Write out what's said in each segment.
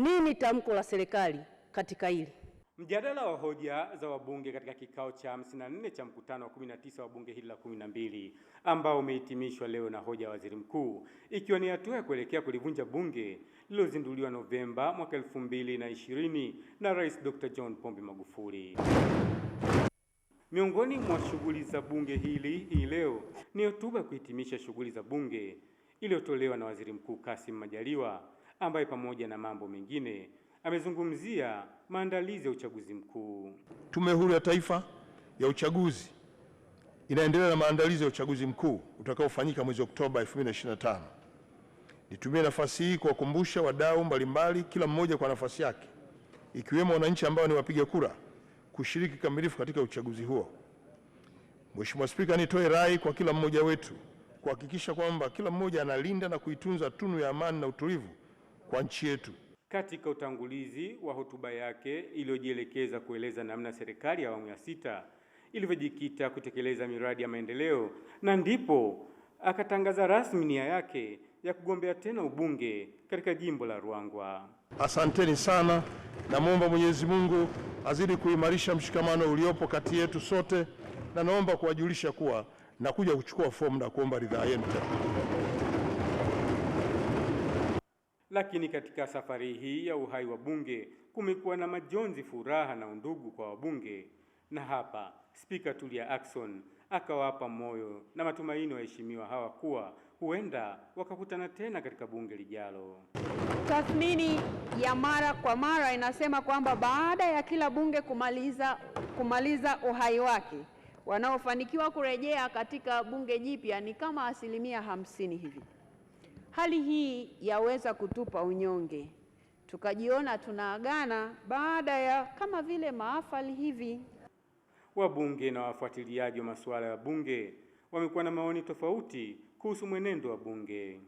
Nini tamko la serikali katika hili? Mjadala wa hoja za wabunge katika kikao cha 54 cha mkutano wa 19 wa bunge hili la 12 ambao umehitimishwa leo na hoja ya waziri mkuu, ikiwa ni hatua ya kuelekea kulivunja bunge lililozinduliwa Novemba mwaka 2020 na Rais Dr. John Pombe Magufuli. Miongoni mwa shughuli za bunge hili hii leo ni hotuba ya kuhitimisha shughuli za bunge iliyotolewa na Waziri Mkuu Kassim Majaliwa ambaye pamoja na mambo mengine amezungumzia maandalizi ya uchaguzi mkuu. Tume Huru ya Taifa ya Uchaguzi inaendelea na maandalizi ya uchaguzi mkuu utakaofanyika mwezi Oktoba 2025. Nitumie nafasi hii kuwakumbusha wadau mbalimbali, kila mmoja kwa nafasi yake, ikiwemo wananchi ambao ni wapiga kura, kushiriki kikamilifu katika uchaguzi huo. Mheshimiwa Spika, nitoe rai kwa kila mmoja wetu kuhakikisha kwamba kila mmoja analinda na kuitunza tunu ya amani na utulivu kwa nchi yetu. Katika utangulizi wa hotuba yake iliyojielekeza kueleza namna serikali ya awamu ya sita ilivyojikita kutekeleza miradi ya maendeleo, na ndipo akatangaza rasmi nia yake ya kugombea tena ubunge katika jimbo la Ruangwa. Asanteni sana, namwomba Mwenyezi Mungu azidi kuimarisha mshikamano uliopo kati yetu sote, na naomba kuwajulisha kuwa nakuja kuchukua fomu na kuomba ridhaa yenu tena. Lakini katika safari hii ya uhai wa Bunge kumekuwa na majonzi, furaha na undugu kwa wabunge, na hapa Spika Tulia Ackson akawapa moyo na matumaini waheshimiwa hawa kuwa huenda wakakutana tena katika bunge lijalo. Tathmini ya mara kwa mara inasema kwamba baada ya kila bunge kumaliza, kumaliza uhai wake wanaofanikiwa kurejea katika bunge jipya ni kama asilimia hamsini hivi. Hali hii yaweza kutupa unyonge, tukajiona tunaagana baada ya kama vile maafali hivi. Wabunge na wafuatiliaji wa masuala ya bunge wamekuwa na maoni tofauti kuhusu mwenendo wa bunge.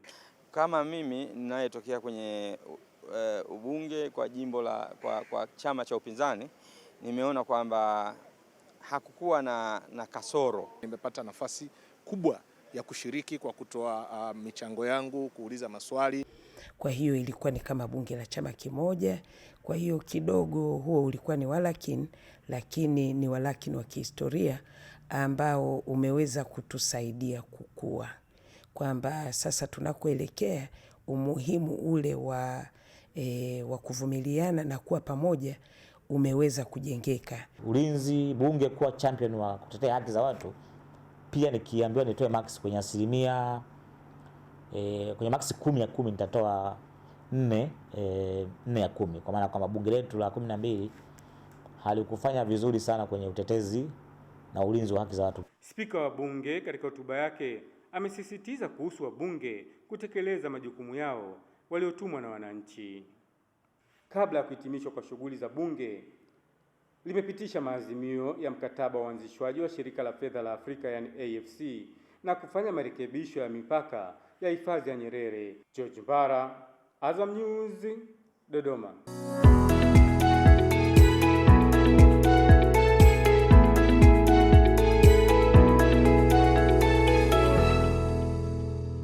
Kama mimi ninayetokea kwenye uh, ubunge kwa jimbo la kwa, kwa chama cha upinzani nimeona kwamba hakukuwa na, na kasoro. Nimepata nafasi kubwa ya kushiriki kwa kutoa uh, michango yangu, kuuliza maswali. Kwa hiyo ilikuwa ni kama bunge la chama kimoja. Kwa hiyo kidogo huo ulikuwa ni walakin, lakini ni walakin wa kihistoria ambao umeweza kutusaidia kukua, kwamba sasa tunakoelekea umuhimu ule wa, e, wa kuvumiliana na kuwa pamoja umeweza kujengeka. Ulinzi bunge kuwa champion wa kutetea haki za watu pia nikiambiwa nitoe max kwenye asilimia e, kwenye max kumi ya kumi nitatoa nne e, nne ya kumi kwa maana kwamba bunge letu la kumi na mbili halikufanya vizuri sana kwenye utetezi na ulinzi wa haki za watu. Spika wa Bunge katika hotuba yake amesisitiza kuhusu wabunge kutekeleza majukumu yao waliotumwa na wananchi. Kabla ya kuhitimishwa kwa shughuli za bunge limepitisha maazimio ya mkataba wa uanzishwaji wa shirika la fedha la Afrika yani AFC na kufanya marekebisho ya mipaka ya hifadhi ya Nyerere. George Mbara, Azam News, Dodoma.